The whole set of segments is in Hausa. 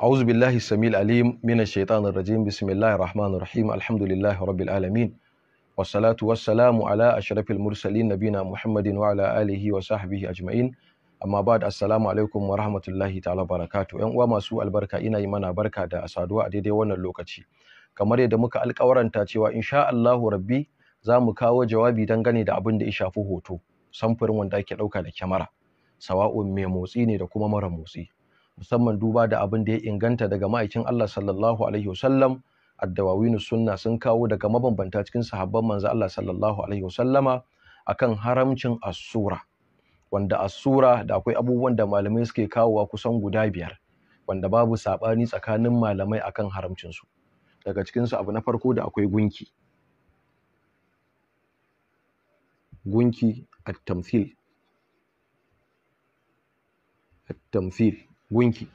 أعوذ Samil السميع العليم من الشيطان الرجيم بسم الله الرحمن الرحيم الحمد لله رب العالمين والصلاة والسلام على أشرف المرسلين نبينا محمد وعلى آله وصحبه amma ba da assalamu alaikum wa rahmatullahi ta'ala barakatu yan uwa masu albarka ina yi mana barka da saduwa a daidai wannan lokaci kamar yadda muka alkawaranta cewa insha Allahu rabbi za mu kawo jawabi dangane da abin da ya shafi hoto samfurin wanda ake ɗauka da kyamara sawa'un mai motsi ne da kuma mara motsi musamman duba da abin da ya inganta daga ma'aikin Allah sallallahu alaihi wasallam addawawinu sunna sun kawo daga mabambanta cikin sahabban manzo Allah sallallahu alaihi wasallama akan haramcin asura wanda asura da akwai abubuwan da malamai suke kawowa kusan guda biyar wanda babu sabani tsakanin malamai akan haramcin su daga cikin su abu na farko da akwai gunki gunki at-tamthil at-tamthil gunki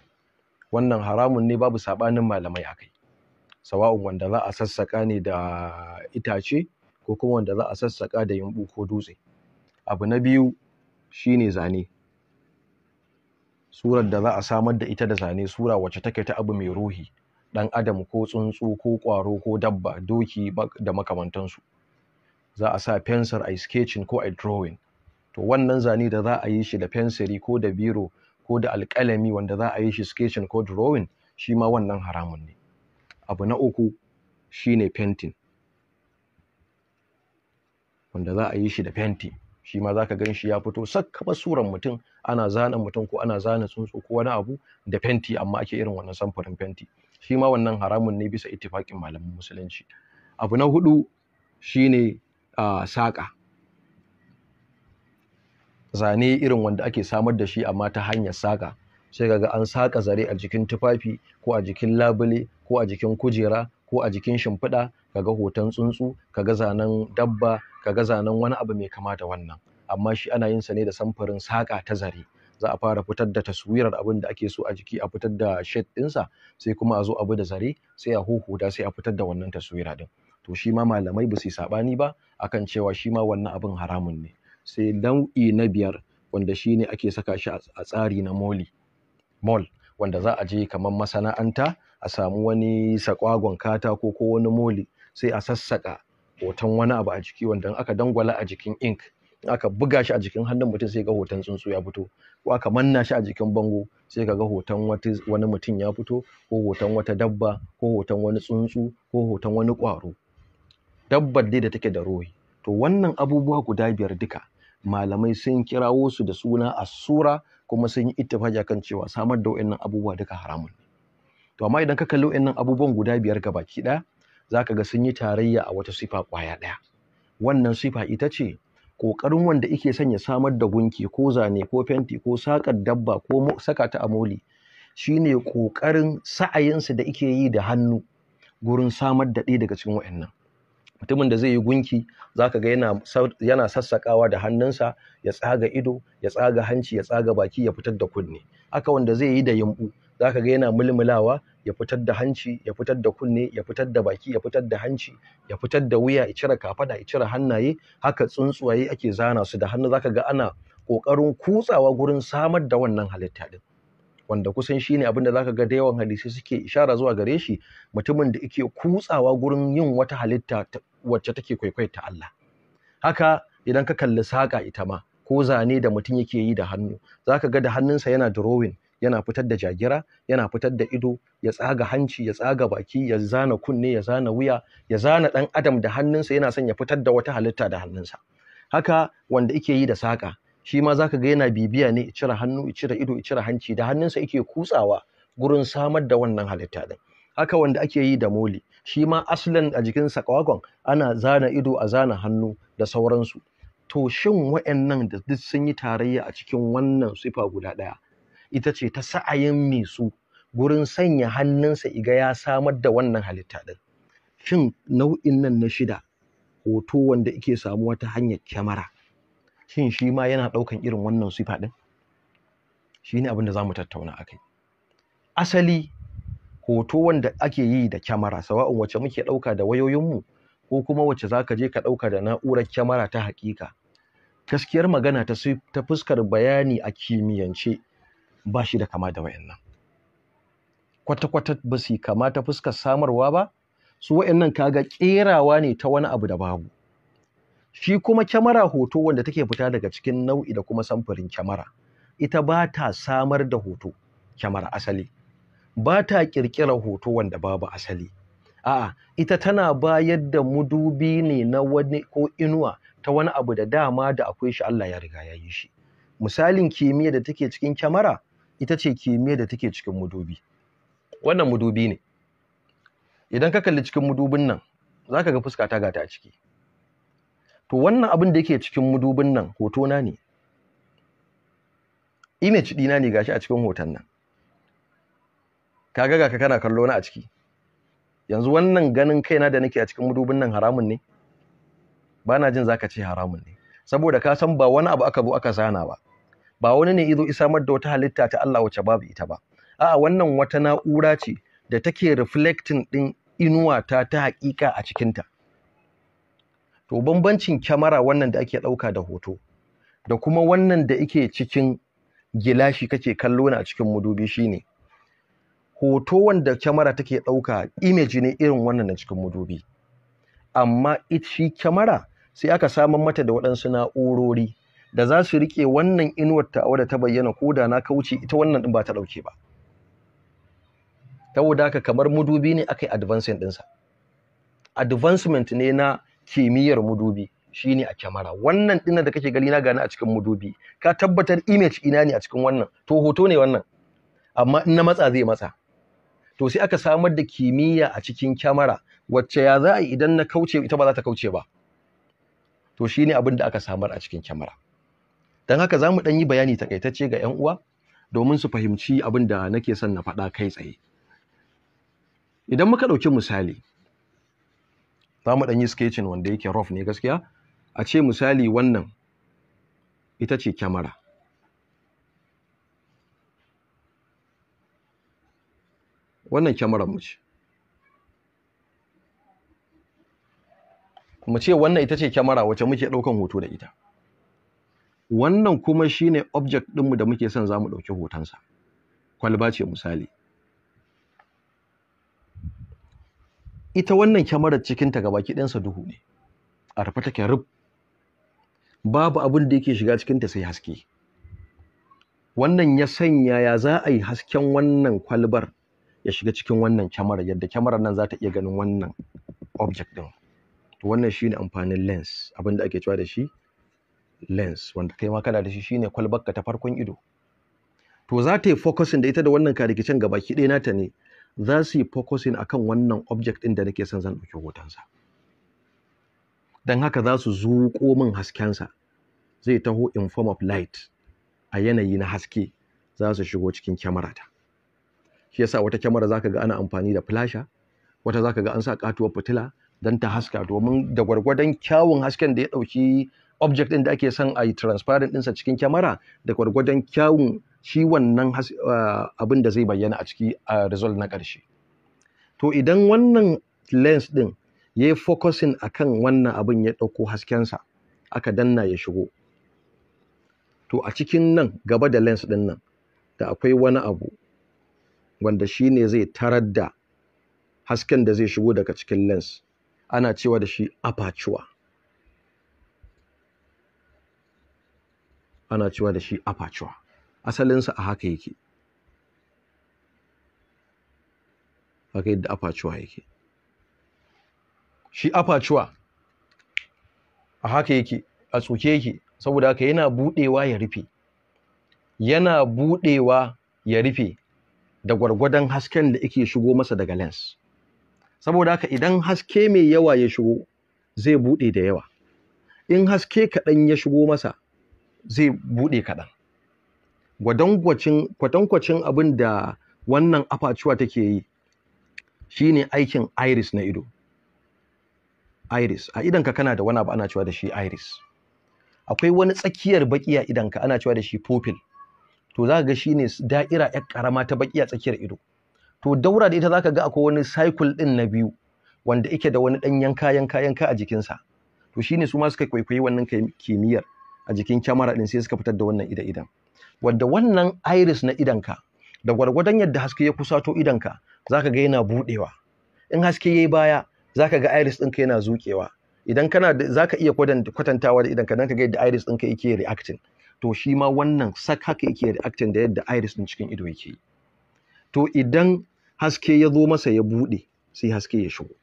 wannan haramun ne babu saɓanin malamai a kai sawa'un wanda za a sassaka ne da itace ko kuma wanda za a sassaka da yumɓu ko dutse abu na biyu shine zane surar da za a samar da ita da zane sura wacce take ta abu mai ruhi ɗan adam ko tsuntsu ko ƙwaro ko dabba doki da makamantansu za a sa fensir a sketching ko a drawing to wannan zane da za a yi shi da fensiri ko da biro ko da alƙalami wanda za a yi shi sketching ko drawing shi ma wannan haramun ne abu na uku shi ne painting wanda za a yi shi da fenti shi ma za ka gan shi ya fito sakka suran mutum ana zana mutum ko ana zana tsuntsu ko wani abu da fenti amma ake irin wannan samfurin fenti shi ma wannan haramun ne bisa ittifaƙin malaman musulunci abu na hudu shine ah, saƙa zane irin wanda ake samar da shi amma ta hanyar saka sai kaga an saka zare a jikin tufafi ko a jikin labule ko a jikin kujera ko a jikin shimfiɗa kaga hoton tsuntsu kaga zanen dabba kaga zanen wani abu mai kama da wannan amma shi ana yin sa ne da samfurin saka ta zare za a fara fitar da taswirar abin da ake so a jiki a fitar da shade ɗinsa sai kuma a zo abu da zare sai a da sai a fitar da wannan taswira ɗin to shi ma malamai ba su yi saɓani ba akan cewa shi ma wannan abin haramun ne sai nau'i na biyar wanda shi ne ake saka shi a tsari na moli mall wanda za a je kamar masana'anta a samu wani sakwagon katako ko wani moli sai a sassaka hoton wani abu a jiki wanda aka dangwala a jikin ink aka buga shi a jikin hannun mutum sai ga hoton tsuntsu ya fito ko aka manna shi a jikin bango sai ka ga hoton wani mutum ya fito ko hoton wata dabba ko hoton wani tsuntsu ko hoton wani ƙwaro dabbar dai da take da rohi to wannan abubuwa guda biyar duka malamai sun kirawo su da suna asura kuma sun yi ittifaki kan cewa samar da wayannan abubuwa duka haramun ne to amma idan ka kalli wayannan abubuwan guda biyar gabaki daya zaka ga sun yi tarayya a wata sifa kwaya daya wannan sifa ita ce kokarin wanda yake sanya samar da gunki ko zane ko fenti ko sakar dabba ko saka ta a moli shine kokarin sa'ayinsa da yake yi da hannu gurin samar da ɗaya daga cikin wayannan mutumin da zai yi gunki ka ga yana sassaƙawa sassakawa da hannunsa ya tsaga ido ya tsaga hanci ya tsaga baki ya fitar da kunne haka wanda zai yi da yumbu zaka ga yana mulmulawa ya fitar da hanci ya fitar da kunne ya fitar da baki ya fitar da hanci ya fitar da wuya ya cire kafada ya cire hannaye haka tsuntsuwaye ake zana su da hannu zaka ga ana ƙoƙarin kutsawa gurin samar da wannan halitta din wanda kusan shi ne abinda zaka ga da yawan hadisi suke ishara zuwa gare shi mutumin da yake kutsawa gurin yin wata halitta wacce take ta Allah haka idan ka kalli saƙa ita ma ko zane da mutum yake yi da hannu zaka ga da hannunsa yana drawing yana fitar da jagira yana fitar da ido ya tsaga hanci ya tsaga baki ya zana kunne ya zana wuya ya zana ɗan adam da hannunsa yana son ya fitar da wata halitta da hannunsa haka wanda yake yi da saƙa shi ma zaka ga yana bibiya ne cire hannu cire ido cire hanci da hannunsa yake kutsawa gurin samar da wannan halitta din haka wanda ake yi da moli shi ma aslan a jikin sakwagon ana zana ido a zana hannu da sauransu to shin wa'annan da duk sun yi tarayya a cikin wannan sifa guda ɗaya ita ce ta sa'ayin mai su gurin sanya hannunsa iga ya samar da wannan halitta din shin nau'in nan na shida hoto wanda yake samuwa ta hanyar kyamara shin shi ma yana ɗaukan irin wannan sifa ɗin shi ne abin da za mu tattauna a kai asali hoto wanda ake yi da kyamara sawa'un wacce muke ɗauka da wayoyinmu ko kuma wacce za ka je ka ɗauka da na'urar kyamara ta haƙiƙa gaskiyar magana ta ta fuskar bayani a kimiyyance ba shi da kama da wayannan kwata-kwata ba su kama ta fuskar samarwa ba su wayannan kaga ƙerawa ne ta wani abu da babu Shi kuma kyamara hoto wanda take fita daga cikin nau'i da kuma samfurin kyamara, ita ba ta samar da hoto, kyamara asali. Ba ta ƙirƙirar hoto wanda babu asali. A'a, ita tana bayar da mudubi ne na wani ko inuwa ta wani abu da dama da akwai shi Allah ya riga ya yi shi. Misalin kimiyya da take cikin kyamara, ita ce kimiyya da take cikin mudubi. Wannan mudubi ne. Idan ka kalli cikin mudubin nan, za ka ga fuska ta gata a ciki. to wannan abin da yake cikin mudubin nan hoto na ne image dina ne gashi a cikin hoton nan kaga ga ka kana kallo na a ciki yanzu wannan ganin kaina da nake a cikin mudubin nan haramun ne ba na jin zaka ce haramun ne saboda ka san ba wani abu aka zo aka zana ba ba wani ne izo isamar da wata halitta ta Allah wacce babu ita ba a'a wannan wata na'ura ce da take reflecting din inuwa ta ta hakika a cikinta to bambancin kyamara wannan da ake ɗauka da hoto da kuma wannan da ike cikin gilashi kake kallo a cikin madubi shine hoto wanda kyamara take ɗauka image ne irin wannan na cikin madubi amma it shi kyamara sai aka samar mata da waɗansu na'urori da za su riƙe wannan inuwar ta wadda ta bayyana ko da na kauce ita wannan ɗin ba ta ɗauke ba saboda haka kamar madubi ne aka yi advancement ɗinsa advancement ne na kimiyyar mudubi shine a kyamara wannan dinnan da kake gani na gani a cikin mudubi ka tabbatar image ina ne a cikin wannan to hoto ne wannan amma in na matsa zai matsa to sai aka samar da kimiyya a cikin kyamara wacce ya za a yi idan na kauce ita ba za ta kauce ba to shine abin da aka samar a cikin kyamara don haka za mu ɗan yi bayani takaitacce ga 'yan uwa domin su fahimci abin da nake son na faɗa kai tsaye idan muka ɗauki misali za mu ɗan yi sketching wanda yake rough ne gaskiya a ce misali wannan ita ce kyamara wannan kyamara mu ce ce wannan ita ce kyamara wacce muke ɗaukan hoto da ita wannan kuma shine object ɗinmu da muke son za mu ɗauki hotonsa kwalba ce misali ita wannan kyamarar cikinta gabaki baki ɗansa duhu ne a rufe take rub babu abin da yake shiga cikinta sai haske wannan ya sanya ya za a yi hasken wannan kwalbar ya shiga cikin wannan kyamarar yadda kyamarar nan za ta iya ganin wannan object ɗin to wannan shine amfanin lens abin da ake cewa da shi lens wanda kai ma kana da shi shine kwalbarka ta farkon ido to za ta yi focusing da ita da wannan karikicin gabaki ɗaya nata ne za su yi focusing akan wannan object ɗin da nake son zan ɗauki hotonsa don haka za su zuƙo min haskensa zai taho in form of light a yanayi na haske za su shigo cikin kyamara ta shi yasa wata kyamara zaka ga ana amfani da flasha wata zaka ga an sa katuwar fitila don ta haska domin da gwargwadon kyawun hasken da ya ɗauki object ɗin da ake son a yi transparent ɗinsa cikin kyamara da gwargwadon kyawun shi wannan uh, abin da zai bayyana a ciki a result na ƙarshe to idan wannan lens ɗin ya yi focusing a kan wannan abin ya ɗauko sa aka danna ya shigo to a cikin nan gaba da lens ɗin nan da akwai wani abu wanda shi ne zai tarar da hasken da zai shigo daga cikin lens ana cewa da shi aperture ana cewa da shi aperture asalinsa a haka yake haka yadda afacuwa yake shi afacuwa a haka yake a tsoke yake saboda haka yana budewa ya rufe yana budewa ya rufe da gwargwadon hasken da yake shigo masa daga lens saboda haka idan haske mai yawa ya shigo zai bude da yawa in haske kaɗan ya shigo masa zai bude kaɗan kwatankwacin abin da wannan afacuwa take yi shine aikin iris na ido iris a idanka kana da wani abu ana cewa da shi iris akwai wani tsakiyar baki a idanka ana cewa da shi pupil to za ka ga ne da'ira yar karama ta baki a tsakiyar ido to daura da ita za ka ga akwai wani cycle ɗin na biyu wanda ike da wani ɗanyen yanka yanka yanka a jikinsa to shi ne su ma suka kwaikwayi wannan kimiyyar a jikin kyamara ɗin sai suka fitar da wannan ida idan wadda wannan iris na idanka da gwargwadon yadda haske ya kusato idanka ka ga yana buɗewa. in haske ya yi baya za ka ga iris ɗinka yana zuƙewa idan kana ka iya kwatantawa da idanka dan ka ga yadda iris ɗinka yake reacting to shi ma wannan sak haka yake reacting da yadda iris ɗin cikin ido yake to idan haske ya zo masa ya buɗe sai haske ya shigo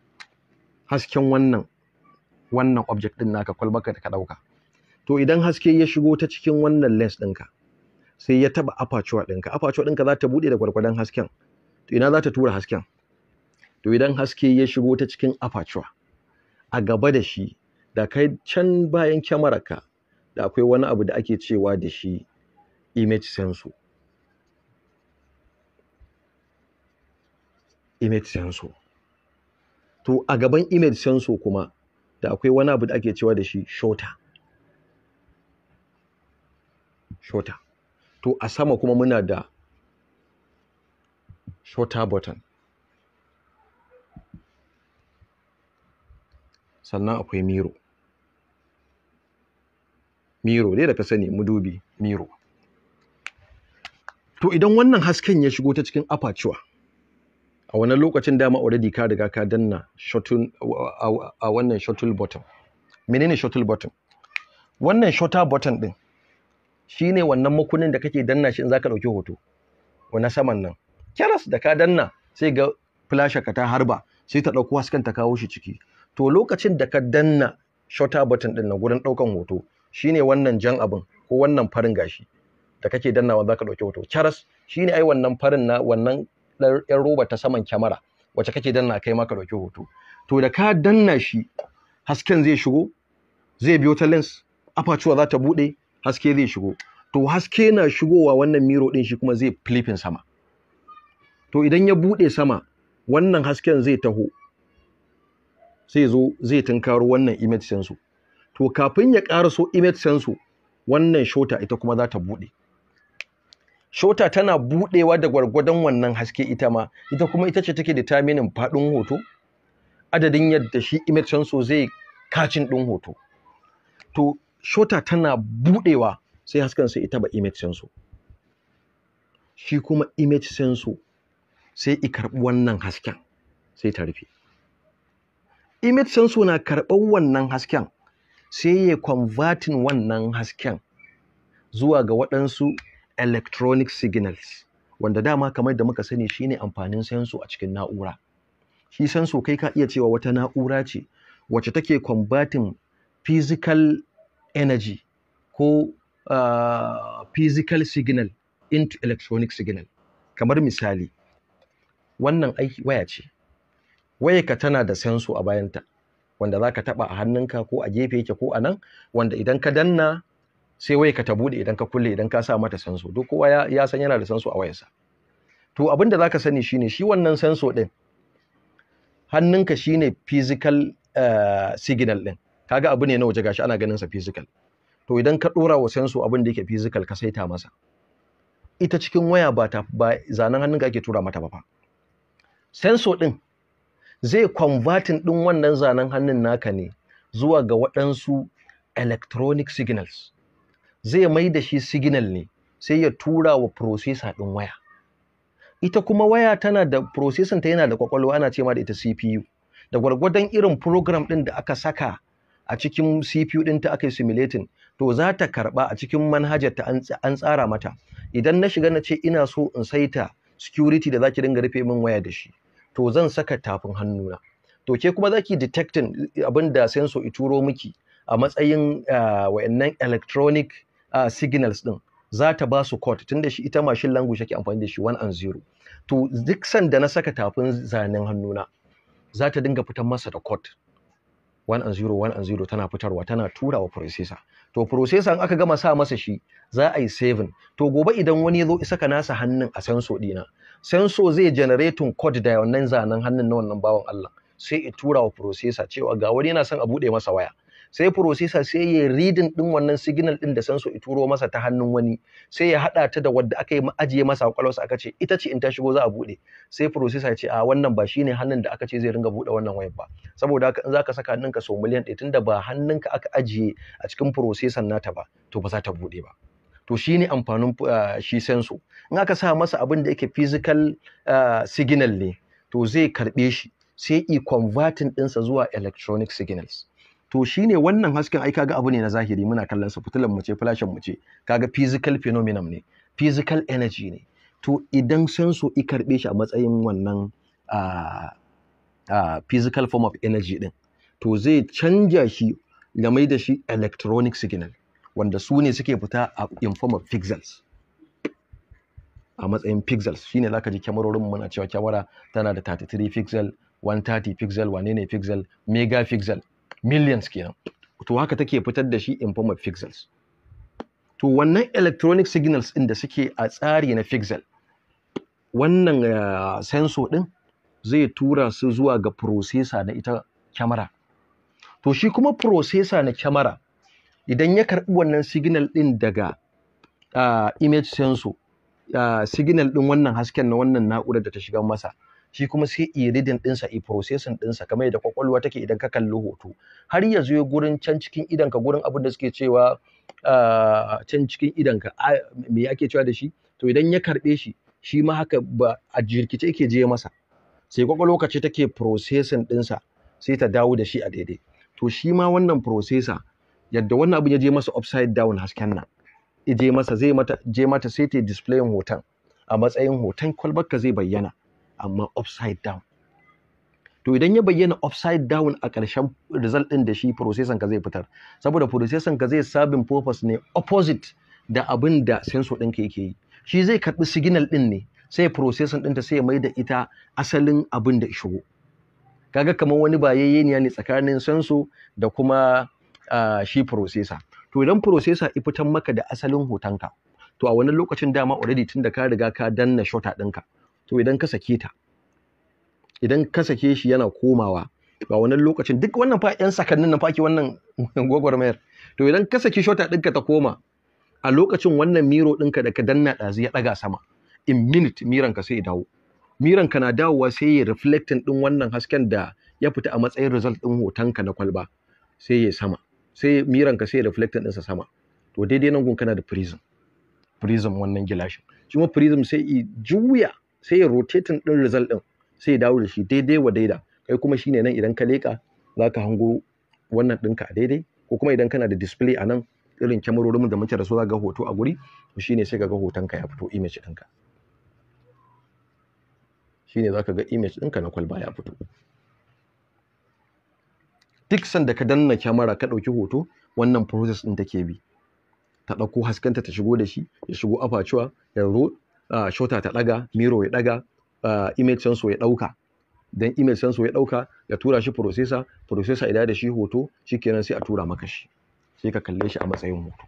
hasken wannan wannan object ɗin naka kwalbaka da ka ɗauka to idan haske ya shigo ta cikin wannan lens ɗinka sai ya taba aperture ɗinka aperture ɗinka za ta buɗe da gwargwadon hasken to ina za ta tura hasken to idan haske ya shigo ta cikin aperture a gaba da shi da kai can bayan kyamararka da akwai wani abu da ake cewa da shi image sensor image sensor to a gaban image sensor kuma da akwai wani abu da ake cewa da shi shota shota to a sama kuma muna da shorter button sannan akwai miro miro dai da ka sani mudubi miro to idan wannan hasken ya shigo ta cikin aperture a wannan lokacin dama already ka riga ka danna a wannan shuttle button menene shuttle button wannan shorter button din shine wannan makunin da kake danna shi in zaka dauki hoto na saman nan keras da ka danna sai ga flasha ka ta harba sai ta dauko hasken ta kawo shi ciki to lokacin da ka danna shutter button din na gurin daukan hoto shine wannan jan abin ko wannan farin gashi da kake danna dannawa zaka dauki hoto keras shine ai wannan farin na wannan yan roba ta saman kyamara wacce kake danna kai ma ka dauki hoto to da ka danna shi hasken zai shigo zai biyo ta lens aperture za ta bude haske zai shigo to haske na shigowa wannan miro din shi kuma zai flipping sama to idan ya bude sama wannan hasken zai taho sai zo zai tunkaro wannan image sensor to kafin ya karaso image sensor wannan shota ita kuma za ta bude shota tana budewa da gwargwadon wannan haske ita ma ita kuma ita ce take determining fadin hoto adadin yadda shi image sensor zai kacin din hoto to shota tana buɗewa sai hasken sai ita ba image sensor shi kuma image sensor sai i karɓi wannan hasken sai ta rufe image sensor na karɓar wannan hasken sai ya converting wannan hasken zuwa ga waɗansu electronic signals wanda dama kamar da muka sani shine amfanin sensor a cikin na'ura shi sensor kai ka iya cewa wata na'ura ce wacce take converting physical energy ko uh, physical signal into electronic signal kamar misali wannan aiki waya ce wayarka tana da senso a bayanta wanda za ka taɓa a hannunka ko a gefe yake ko a nan wanda idan ka danna sai wayarka ta buɗe idan ka kulle idan ka sa mata senso duk kowa ya, ya san yana da senso a wayarsa to abin da za ka sani shine shi wannan senso ɗin hannunka shine physical uh, signal ɗin kaga abu ne na waje gashi ana ganin sa physical to idan ka dora wa sensor abin da yake physical ka saita masa ita cikin waya ba ta ba zanen hannun ka ake tura mata ba fa senso din zai converting din wannan zanen hannun naka ne zuwa ga waɗansu electronic signals zai mai da shi signal ne sai ya tura wa processor din waya ita kuma waya tana da processing ta yana da kwakwalwa ana ce da ita CPU da gwargwadon irin program din da aka saka a cikin CPU ɗinta aka yi simulating to za ta karɓa a cikin manhajar ta an tsara mata idan na shiga na ce ina so in saita security da zaki dinga rufe min waya da shi to zan saka tafin hannuna to ke kuma zaki detecting abin da sensor ituro miki a matsayin ah, wayannan electronic ah, signals din za ta ba su code tunda shi ita mashin language yake amfani da shi 1 and 0 to duk sanda na saka tafin zanen hannuna za ta dinga fitar masa da code 1 and 0 1 and 0 tana fitarwa tana tura wa processor to processor in aka gama sa masa shi za a yi saving to gobe idan wani ya zo isa ka nasa hannun a sensor dina sensor zai generating code da wannan zanen hannun na wannan bawan Allah sai ya tura wa processor cewa ga wani yana son a bude masa waya sai processor sai ya reading din wannan signal din da sensor ituro masa ta hannun wani sai ya hada ta da wadda aka yi ajiye masa kwakwalwarsa aka ce ita ce in ta shigo za a bude sai processor ya ce a wannan ba shine hannun da aka ce zai ringa bude wannan wayar ba saboda haka in zaka saka hannunka so miliyan ɗaya tunda ba hannunka aka ajiye a cikin processor nata ba to ba za ta bude ba to ah, shi ne amfanin shi senso in aka sa masa abin da yake physical ah, signal ne to zai karɓe shi sai i converting ɗinsa zuwa electronic signals to shine wannan hasken ai kaga abu ne na zahiri muna kallon sa fitilan mu ce flashin mu ce kaga physical phenomenon ne physical energy ne to idan so i karbe shi a matsayin wannan physical form of energy din to zai canja shi ga mai da shi electronic signal wanda su ne suke fita a in form of pixels a matsayin pixels shine zaka ji kyamarorin muna cewa kyamara tana da 33 pixel 130 pixel wane ne pixel mega pixel millions kenan to haka take fitar da shi in form of pixels to wannan electronic signals ɗin da suke a tsari na pixel wannan eh, sensor ɗin zai tura su zuwa ga processor na ita kyamara to shi kuma processor na kyamara idan ya karɓi wannan signal ɗin daga eh, image sensor eh, signal ɗin wannan hasken na wannan na'urar da ta shiga masa shi kuma sai iridin reading i processing ɗinsa kamar yadda kwakwalwa take idan ka kalli hoto har ya zo gurin can cikin ka gurin abin da suke cewa ah, can cikin ka me ake cewa da shi to idan ya karɓe shi shi ma haka ba a jirkice yake je masa sai kwakwalwa kace take processing dinsa, sai ta dawo da shi a daidai to shi ma wannan processor yadda wannan abin ya je masa upside down hasken nan je masa zai mata je mata sai ta display hoton a matsayin hoton kwalbarka zai bayyana amma upside down to idan ya bayyana upside down a ƙarshen result ɗin da shi processor ka zai fitar saboda processor ka zai sabin purpose ne opposite da abin da sensor ɗinka yake yi shi zai karɓi signal ɗin ne sai processor ɗinta sai ya mai da ita asalin abin da shigo kaga kamar wani yayyeniya ne tsakanin sensor da kuma uh, shi processor to idan processor ya fitar maka da asalin hotonka to a wani lokacin dama already tunda ka riga ka danna shota ɗinka to idan ka sake ta idan ka sake shi yana komawa ba wannan lokacin duk wannan fa yan sakannin nan fa ke wannan gwagwarmayar to idan ka sake shota ka ta koma a lokacin wannan miro dinka da ka danna ɗazu ya daga sama in minute miranka sai ya dawo miranka na dawowa sai ya reflecting ɗin wannan hasken da ya fita a matsayin result ɗin hotonka na kwalba sai ya sama sai miranka sai ya reflecting ɗinsa sama to daidai nan gun kana da prism prism wannan gilashin shi kuma prism sai i juya sai ya rotating ɗin result din sai ya dawo da shi daidai wa daida kai kuma shine nan idan ka leka za hango wannan dinka a daidai ko kuma idan kana da display a nan irin kyamarorin da muke da su zaka ga hoto a guri to shine sai ka ga hotonka ya fito image dinka shine zaka ga image na kwalba ya fito duk sanda ka danna kyamara ka dauki hoto wannan process ɗin take bi ta dauko haskenta ta shigo da shi ya shigo afacuwa ya shota ta ɗaga, miro ya daga image sensor ya dauka dan image sensor ya dauka ya tura shi processor processor idan da shi hoto shikenan sai a tura maka shi sai ka kalle shi a matsayin hoto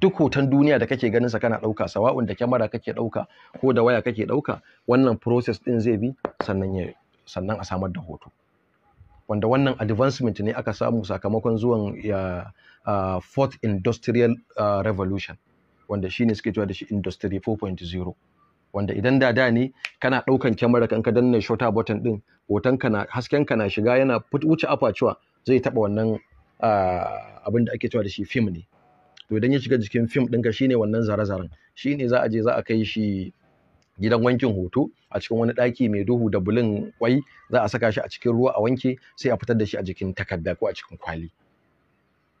duk hoton duniya da kake ganin sa kana ɗauka, sawa'un da kyamara kake ɗauka, ko da waya kake ɗauka, wannan process ɗin zai bi sannan ya sannan a samar da hoto wanda wannan advancement ne aka samu sakamakon zuwan ya, fourth industrial revolution wanda shine suke cewa da shi industry 4.0 wanda idan da da ne kana ɗaukan kyamara kan ka danna shota button din hoton ka na hasken ka na shiga yana wuce aperture zai taba wannan ah, abin da ake cewa da shi film ne to idan ya shiga jikin film ka shine wannan zare-zaren shine za a je za a kai shi gidan wankin hoto a cikin wani daki mai duhu da bulin kwai za a saka shi a cikin ruwa a wanke sai a fitar da shi a jikin takarda ko a cikin kwali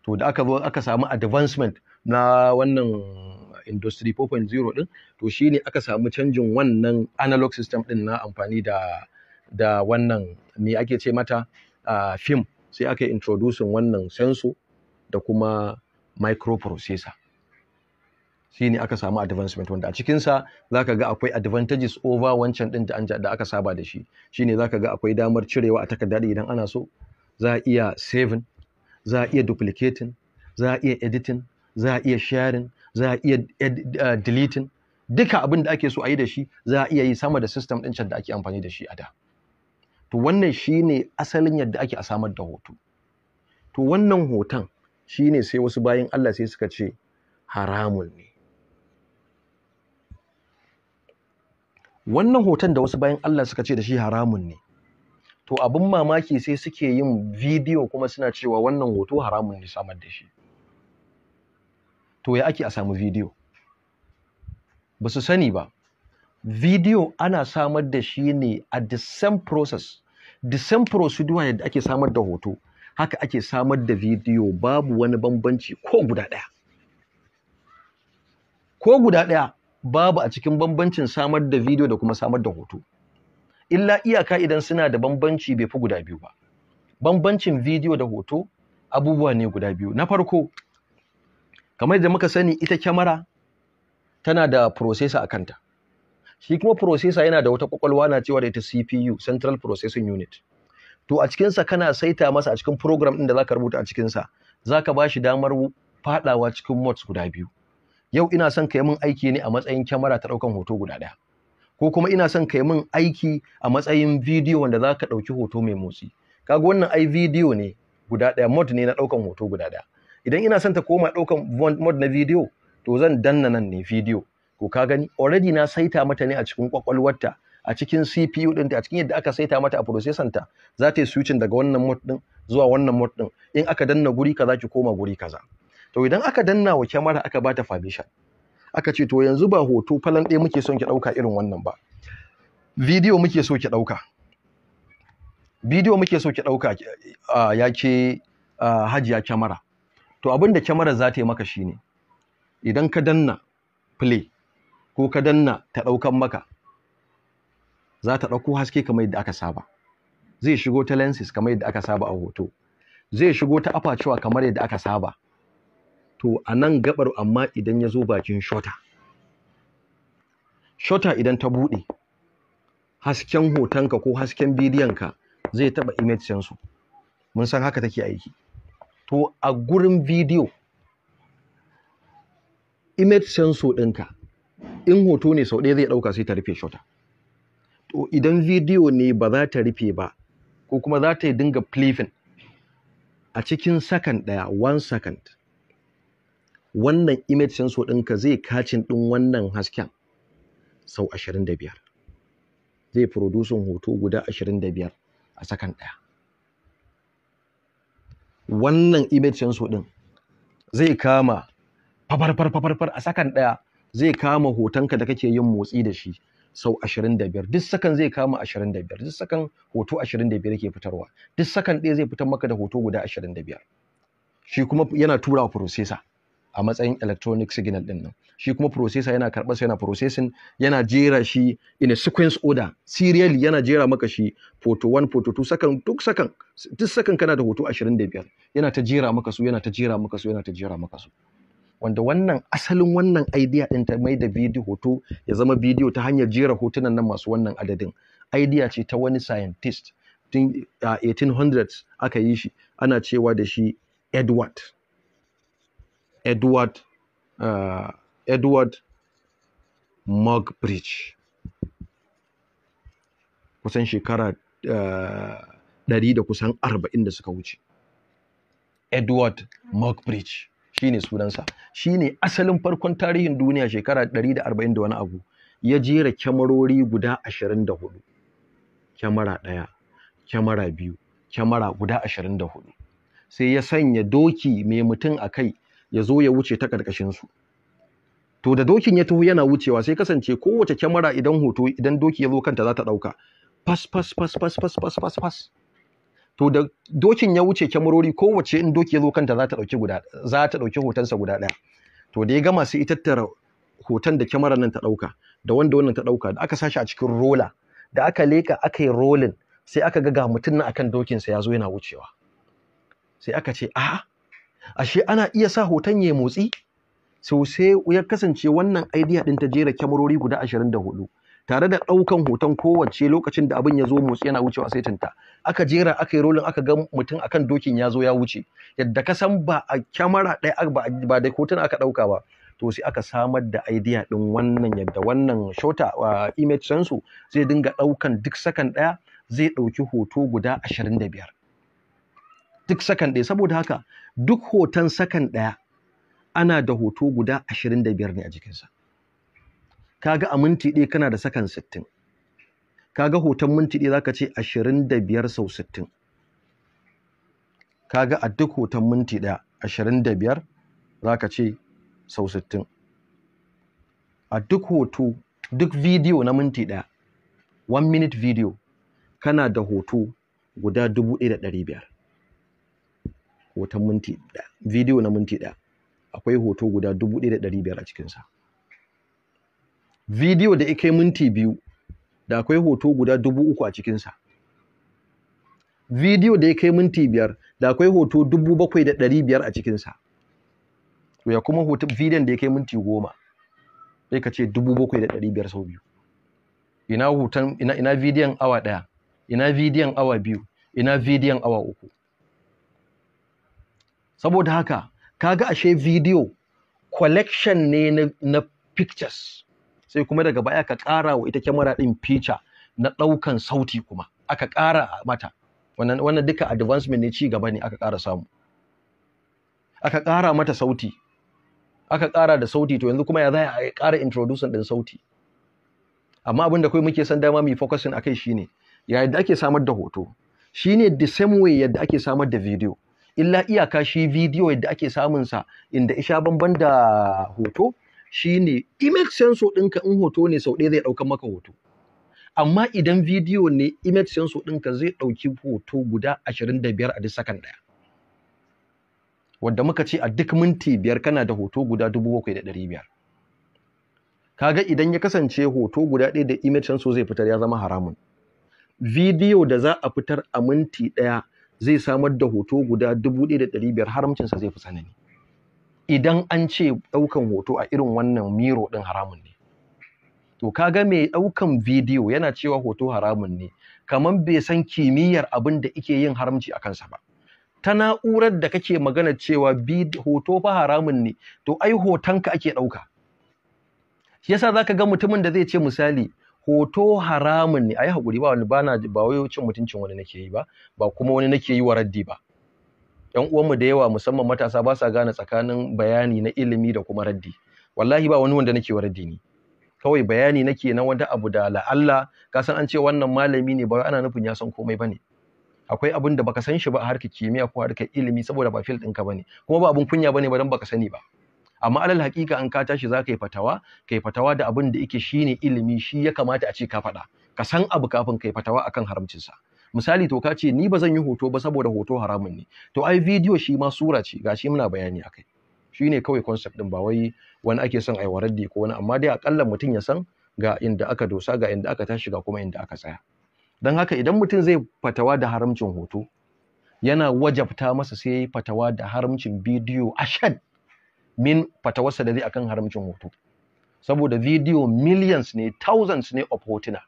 to da aka zo aka samu advancement na wannan industry 4.0 din to shine aka samu canjin wannan analog system din na amfani da da wannan me ake ce mata uh, film sai aka yi introducing wannan sensor da kuma microprocessor shi ne aka samu advancement wanda a cikinsa za ka ga akwai advantages over wancan ɗin da aka saba da shi shi ne za ka ga akwai damar cirewa a takarda idan ana so za a iya saving za a iya duplicating za a iya editing za a iya sharing za a iya eh, eh, deleting duka abin da ake so a yi da shi za a iya yi sama da system ɗin can da ake amfani da shi a da to wannan shi ne asalin yadda ake a samar da hoto to wannan hoton shi ne sai wasu bayan Allah sai suka ce haramun ne wannan hoton da wasu bayan Allah suka ce da shi haramun ne to abin mamaki sai suke yin bidiyo kuma suna cewa wannan hoto haramun ne samar da shi to ya ake a samu bidiyo ba su sani ba bidiyo ana samar da shi ne a the same process the same procedure yadda ake samar da hoto haka ake samar da bidiyo babu wani bambanci ko guda ɗaya ko guda ɗaya babu a cikin bambancin samar da bidiyo da kuma samar da hoto illa iyaka idan suna da bambanci bai fi guda biyu ba bambancin bidiyo da hoto abubuwa ne guda biyu na farko kamar da muka sani ita kyamara tana da processor a kanta shi kuma processor yana da wata kwakwalwa na cewa da ita CPU Central Processing Unit to a cikin sa kana saita masa a cikin program din da zaka rubuta a cikin sa zaka bashi damar fadawa cikin modes guda biyu yau ina son kai min aiki ne a matsayin kyamara ta daukan hoto guda daya ko kuma ina son kai min aiki a matsayin video wanda zaka dauki hoto mai motsi kaga wannan ai video ne guda daya mode ne na daukan hoto guda daya idan ina son ta koma ɗaukan mod na video to zan danna nan ne video Ko ka gani already na saita mata ne a cikin kwakwalwarta a cikin CPU ɗinta a cikin yadda aka saita mata a processor ta za ta yi switching daga wannan mod din zuwa wannan mod ɗin in aka danna guri kaza ki koma guri kaza to idan aka danna wa kyamara aka bata permission aka ce to yanzu ba hoto falan ɗaya muke son ki ɗauka irin wannan ba video muke so ki ɗauka video muke so ki ɗauka ya ce hajiya kyamara to abin da kyamarar za ta yi maka shine idan ka danna play ko ka danna ta ɗaukan maka za ta ɗauko haske kamar yadda aka saba zai shigo ta lenses kamar yadda aka saba a hoto zai shigo ta afacewa kamar yadda aka saba to a nan gabar amma idan ya zo bakin shota shota idan ta buɗe hasken hotonka ko hasken bidiyonka zai taɓa image sensu mun san haka take aiki to a gurin bidiyo image sensor ɗinka in hoto ne sau ɗaya zai ɗauka sai ta rufe shota to idan bidiyo ne ba za ta rufe ba ko kuma za ta yi dinga plifin a cikin sakan ɗaya one second wannan image sensor ɗinka zai kacin ɗin wannan hasken sau 25 zai producing hoto guda 25 a sakan ɗaya wannan image sensor din zai kama fafarfar fafarfar a sakan daya zai kama hotonka da kake yin motsi da shi sau 25 duk sakan zai kama 25 duk sakan hoto 25 yake fitarwa duk sakan ɗaya zai fitar maka da hoto guda 25 shi kuma yana tura processor a matsayin electronic signal din nan shi kuma processor yana karɓar sai yana processing yana jera shi in a sequence order serially yana jera maka shi photo 1 photo 2 sakan duk sakan duk sakan kana da hoto 25 yana ta jera maka su yana ta jera maka su yana ta jera maka su wanda wannan asalin wannan idea din ta mai da video hoto ya zama video ta hanyar jera hotunan nan masu wannan adadin idea ce ta wani scientist tun a 1800s aka yi shi ana cewa da shi Edward Edward, uh, Edward Mugbridge kusan shekara uh, ɗari da kusan arba'in da suka wuce Edward Mugbridge shi ne sunansa shi ne asalin farkon tarihin duniya shekara ɗari da arba'in da wani abu ya jera kyamarori guda ashirin da hudu kyamara ɗaya kyamara biyu kyamara guda ashirin da hudu sai ya sanya doki mai mutum a kai ya zo ya wuce ta karkashin su to da dokin ya tuhu yana wucewa sai kasance kowace kyamara idan hoto idan doki ya zo kanta za ta ɗauka fas fas fas fas fas fas fas fas to da dokin ya wuce kyamarori kowace in doki ya zo kanta za ta ɗauki guda za ta ɗauki hotonsa guda ɗaya to da ya gama sai ita tattara hoton da kyamarar nan ta ɗauka da wanda wannan ta ɗauka da aka sashi a cikin rola da aka leka aka yi rolin sai aka ga ga mutum nan akan dokinsa ya zo yana wucewa sai aka ce a'a ashe ana iya sa hoton ya motsi so ya kasance wannan idea din ta jera kyamarori guda 24 tare da ɗaukan hoton kowace lokacin da abin ya zo motsi yana wucewa sai tinta aka jera aka yi rolin aka ga mutum akan dokin ya zo ya wuce yadda ka san ba a kyamara ɗaya ba, ba da hoton aka ɗauka ba to sai aka samar da idea din wannan yadda wannan shota uh, image sensu zai dinga ɗaukan duk sakan ɗaya zai ɗauki hoto guda 25 duk sakan ɗaya saboda haka duk hoton sakan ɗaya ana da hoto guda ashirin da biyar ne a jikinsa kaga a minti ɗaya kana da sakan Ka kaga hoton minti ɗaya ka ce ashirin da biyar sau Ka kaga a duk hoton minti ɗaya za ka ce sau sittin. a duk hoto duk video na minti ɗaya one minute video kana da hoto guda dubu ɗaya da ɗari biyar. hoton minti video na minti ɗaya akwai hoto guda dubu ɗaya da ɗari biyar a cikinsa video da ya minti biyu da akwai hoto guda dubu uku a cikinsa video da ya kai minti biyar da akwai hoto dubu bakwai da ɗari biyar a cikinsa to ya kuma hoto video da ya kai minti goma sai ka ce dubu biyar sau biyu ina hoton ina ina bidiyon awa ɗaya ina bidiyon awa biyu ina bidiyon awa uku saboda haka kaga ashe video collection ne na, na pictures sai kuma daga baya ka ƙara wa ita kyamara ɗin feature na ɗaukan sauti kuma aka ƙara mata wannan wannan duka advancement ne ci gaba ne aka ƙara samu aka ƙara mata sauti aka ƙara da sauti to yanzu kuma ya za a ƙara introducing ɗin sauti amma abin da kai muke san dama mu focusing akai shine yayin da ake samar da hoto shine the same way yadda ake samar da video illa iyaka shi bidiyo yadda ake samun sa inda isha bamban da hoto shine image sensor ɗinka in hoto ne sau ɗaya zai ɗauka maka hoto amma idan bidiyo ne image sensor ɗinka zai ɗauki hoto guda 25 a duk sakan ɗaya wadda muka ce a duk minti biyar kana da hoto guda 7500 kaga idan ya kasance hoto guda ɗaya da image sensor zai fitar ya zama haramun bidiyo da za a fitar a minti ɗaya zai samar da hoto guda 1500 haramcinsa zai fi sanani idan an ce ɗaukan hoto a irin wannan miro ɗin haramun ne to kaga mai ɗaukan bidiyo yana cewa hoto haramun ne kamar bai san kimiyyar abin da ike yin haramci a kansa ba ta na'urar da kake magana cewa hoto fa haramun ne to ai hotonka ake ɗauka shi yasa ka ga mutumin da zai ce misali hoto haramun ne a ayi hakuri ba wani bana ba wai cin mutuncin wani nake yi ba ba kuma wani nake yi wa raddi ba ɗan uwanmu da yawa musamman matasa ba sa gane tsakanin bayani na ilimi da kuma raddi wallahi ba wani wanda nake wa raddi ne kawai bayani nake na wanda abu da la'alla ka san an ce wannan malami ne ba ana nufin ya san komai bane akwai abin da baka san shi ba a harkar kimiyya ko harkar ilimi saboda ba fil ɗinka bane kuma ba abin kunya ne ba dan baka sani ba amma alal haƙiƙa an ka tashi za ka yi fatawa ka yi fatawa da abin da yake shine ilimi shi ya kamata a ce ka faɗa ka san abu kafin ka yi fatawa akan haramcinsa misali to ka ce ni ba zan yi hoto ba saboda hoto haramun ne to ai bidiyo shi ma sura ce gashi muna bayani akai shine kawai concept din ba wai wani ake son ai waraddi ko wani amma dai akalla mutum ya san ga inda aka dosa ga inda aka tashi ga kuma inda aka tsaya don haka idan mutum zai fatawa da haramcin hoto yana wajabta masa sai fatawa da haramcin bidiyo ashad min fatawarsa da zai akan haramcin hoto saboda video millions ne thousands ne of hotuna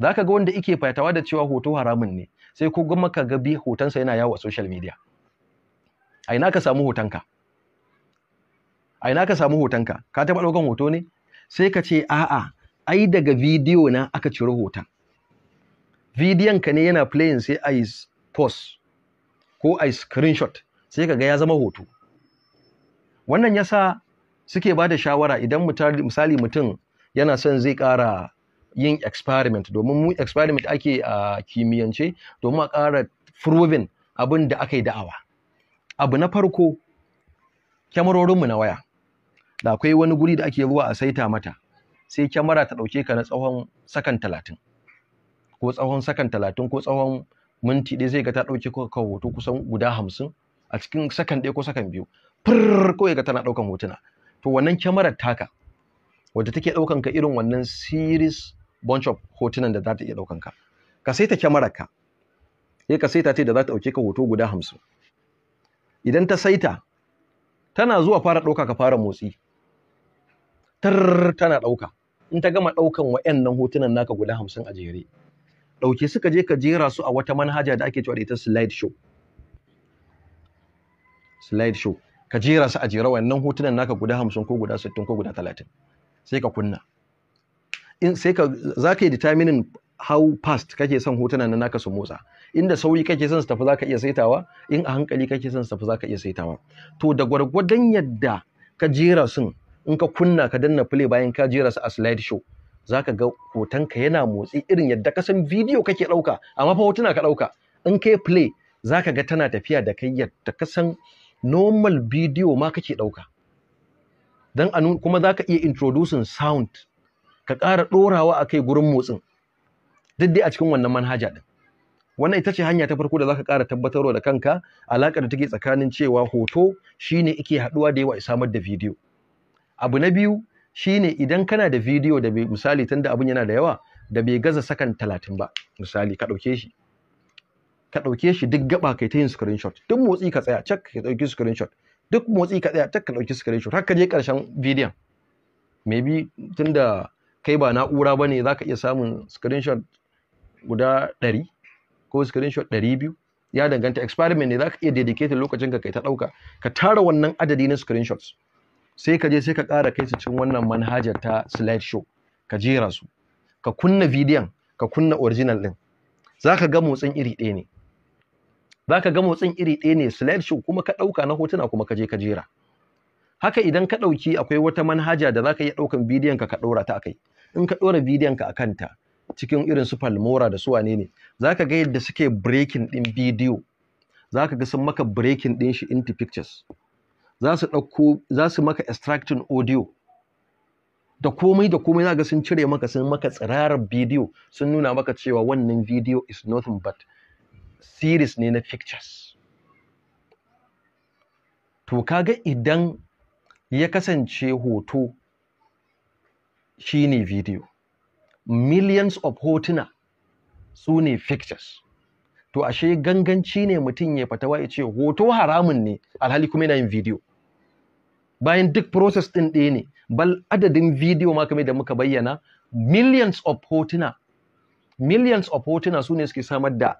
zaka ga wanda yake fatawa da cewa hoto haramun ne sai ko gama ka ga bi hotonsa yana yawo a social media a ina ka samu hotonka a ka samu hotonka ka taɓa ɗaukan hoto ne sai ka ce a'a ai daga video na aka ciro hoton bidiyon ka ne yana playing sai a yi post ko a yi screenshot sai ka ga ya zama hoto wannan yasa suke bada shawara idan misali mutum yana son zai ƙara yin experiment domin mu experiment ake a kimiyyance domin a ƙara proving abin da aka yi da'awa abu na farko kyamarorinmu na waya da akwai wani guri da ake ruwa a saita mata sai kyamara ta ɗauke ka na tsawon sakan talatin ko tsawon sakan talatin ko tsawon minti ɗaya zai ga ta ɗauke ka hoto kusan guda hamsin a cikin sakan ɗaya ko sakan biyu fir kawai ga tana ɗaukan hotuna to wannan kyamarar taka wadda take ɗaukan ka irin wannan series bunch of hotunan da za ta iya ɗaukan ka ka saita kyamarar ka sai eh, ka saita ce da za ta ɗauke ka hoto guda hamsin idan ta saita tana zuwa fara ɗauka ka fara motsi tar tana ɗauka in ta gama ɗaukan wa'annan hotunan naka guda hamsin a jere ɗauke suka je ka jera su a wata manhaja da ake cewa da ita slide show slide show ka jera su a jera wannan hotunan naka guda hamsin ko guda sittin ko guda talatin sai ka kunna in sai ka za ka yi determining how fast kake son hotunan nan naka su motsa inda sauri kake son su tafi za ka iya saitawa in a hankali kake son su tafi za ka iya saitawa to da gwargwadon yadda ka jera sun in ka kunna ka danna play bayan ka jera su a slide show za ka ga hotonka yana motsi irin yadda ka san video kake ɗauka amma fa hotuna ka ɗauka in kai play za ka ga tana tafiya da kai yadda ka san normal bidiyo ma kake ɗauka dan anu kuma zaka iya introducing sound ka ƙara ɗorawa akai gurin motsin duk dai a cikin wannan manhaja din. wannan ita ce hanya ta farko da zaka ka ƙara tabbatarwa da kanka alaƙar da take tsakanin cewa hoto shine ike haɗuwa da yawa a samar da bidiyo abu na biyu shine idan kana da bidiyo da misali tunda abun yana da yawa da bai gaza sakan talatin ba misali ka ɗauke shi ka ɗauke shi duk gaba kai ta yin screenshot duk motsi ka tsaya cak ka ɗauki screenshot duk motsi ka tsaya cak ka ɗauki screenshot har ka je ƙarshen bidiyon maybe tunda kai ba na'ura ba ne za ka iya samun screenshot guda ɗari ko screenshot ɗari biyu ya danganta experiment ne za ka iya dedicate lokacin ka kai ta ɗauka ka tara wannan adadi na screenshots sai ka je sai ka ƙara kai su cikin wannan manhajar ta slideshow ka jera su ka kunna bidiyon ka kunna original ɗin za ka ga motsin iri ɗaya ne zaka ga motsin iri ɗaya ne slide show kuma ka ɗauka na hotuna kuma ka je ka jera haka idan ka ɗauki akwai wata manhaja da zaka iya ɗaukan bidiyon ka ka ɗora ta akai in ka ɗora bidiyon ka akan ta cikin irin su Palmora da su wane ne zaka ga yadda suke breaking ɗin bidiyo zaka ga sun maka breaking ɗin shi into pictures za su ɗauko za su maka extracting audio da komai da komai za ga sun cire maka sun maka tsirarar bidiyo sun nuna maka cewa wannan bidiyo is nothing but series ne na pictures to kaga idan ya kasance hoto shine video millions of hotuna su ne pictures to ashe ganganci ne mutum ya fatawa ya ce hoto haramun ne alhali kuma yana yin video bayan duk process ɗin ɗaya ne bal adadin video ma kamar da muka bayyana millions of hotuna millions of hotuna su suke samar da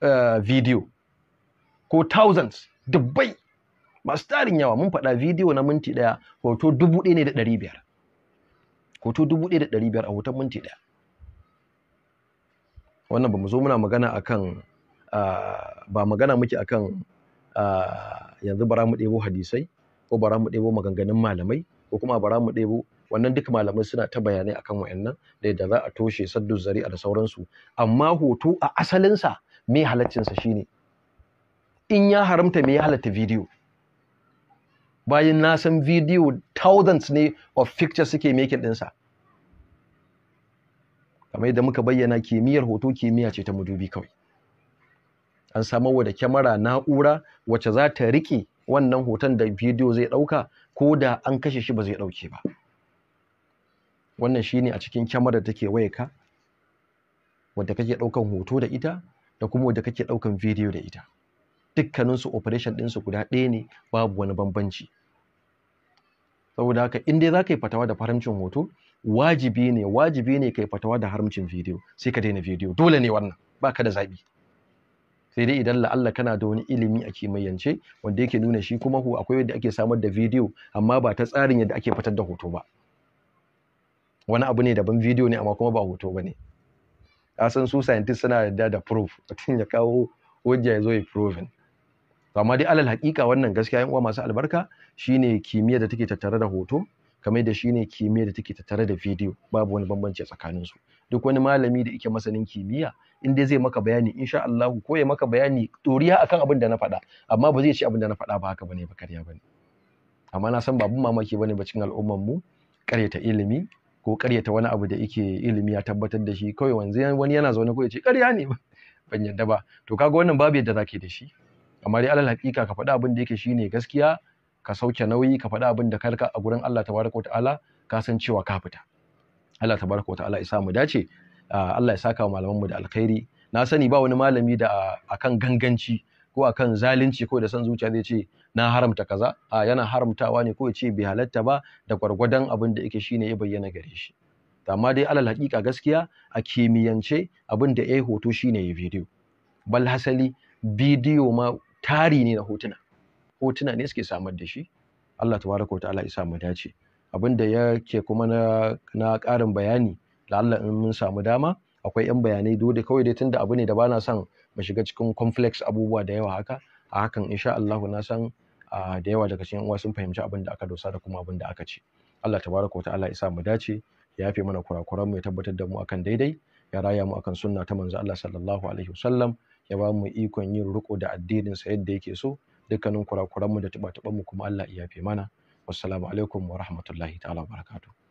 Eh, video ko thousands dubbai masu tarin yawa mun faɗa video na minti ɗaya hoto dubu ɗaya ne da ɗari biyar hoto dubu ɗaya da ɗari biyar a hoton minti ɗaya wannan ba mu zo muna magana akan ah, ba magana muke akan ah, yanzu bara mu ɗebo hadisai ko bara mu ɗebo maganganun malamai ko kuma bara mu ɗebo wannan duk malamai suna ta bayanai akan wayannan da yadda za a toshe saddu zari'a da sauransu amma hoto a asalinsa me halaccinsa shine in ya haramta me ya halatta bidiyo bayan na san bidiyo thousands ne of pictures suke making ɗinsa kamar yadda muka bayyana kimiyyar hoto kimiyya ce ta madubi kawai an samar da kyamara na'ura wacce za ta riƙe wannan hoton da bidiyo zai ɗauka ko da an kashe shi ba zai ɗauke ba wannan shine a cikin kyamara da take wayarka wadda kake ɗaukan hoto da ita da kuma wadda kake ɗaukan bidiyo da ita dukkaninsu operation ɗinsu guda ɗaya ne babu wani bambanci saboda haka in dai za ka yi fatawa da faramcin hoto wajibi ne wajibi ne ka yi fatawa da haramcin bidiyo, sai ka daina bidiyo. dole ne wannan baka da zaɓi sai dai idan la'alla kana da wani ilimi a kimayyance wanda yake nuna shi kuma hu akwai yadda ake samar da bidiyo, amma ba ta tsarin yadda ake fitar da hoto ba wani abu ne daban bidiyo ne amma kuma ba hoto ba ne a san su scientist suna yarda da proof mutum ya kawo hujja ya zo ya proven to amma dai alal haƙiƙa wannan gaskiya yan uwa masu albarka shine kimiyya da take tattare da hoto kamar da shine kimiyya da take tattare da video babu wani bambanci tsakanin su duk wani malami da yake masanin kimiyya in dai zai maka bayani insha Allah ko ya maka bayani toriya akan abin da na faɗa amma ba zai ce abin da na faɗa ba haka bane ba karya bane amma na san babun mamaki bane ba cikin al'umman mu karyata ilimi ko karyata wani abu da yake ilimi ya tabbatar da shi kawai wanzu wani yana zaune ko ya ce ƙarya ne ban yadda ba to kaga wannan babu yadda zake da shi amma dai alal haƙiƙa ka faɗi abin da yake shine gaskiya ka sauke nauyi ka faɗi abin da karka a gurin Allah tabaraka wa ta'ala ka san cewa ka fita Allah tabaraka wa ta'ala ya sa mu dace ah, Allah ya saka wa malaman mu da alkhairi na sani ba wani malami da akan ganganci ko akan zalunci ko da san zuciya zai ce na haramta kaza a yana haramtawa ne ko ya ce bai halatta ba da gwargwadon abin da yake shine ya bayyana gare shi amma dai alal haƙiƙa gaskiya a kimiyyance abin da ya yi hoto shine ya bidiyo bal hasali bidiyo ma tari ne na hotuna hotuna ne suke samar da shi Allah tabaraka wa ta'ala ya samu dace abin da yake kuma na na ƙarin bayani la'alla in mun samu dama akwai yan bayanai dole kawai dai tunda abu ne da bana son mu shiga cikin complex abubuwa da yawa haka a hakan insha Allahu na san da yawa daga cikin uwa sun fahimci abin da aka dosa da kuma abin da aka ce Allah tabaraka wa ta'ala isa mu dace ya yafe mana kurakuran mu ya tabbatar da mu akan daidai ya raya mu akan sunna ta manzo Allah sallallahu alaihi wasallam ya ba mu ikon yin riko da addinin sa yadda yake so dukkanin kurakuran mu da tuba mu kuma Allah ya yafe mana wassalamu alaikum wa rahmatullahi ta'ala wa barakatuh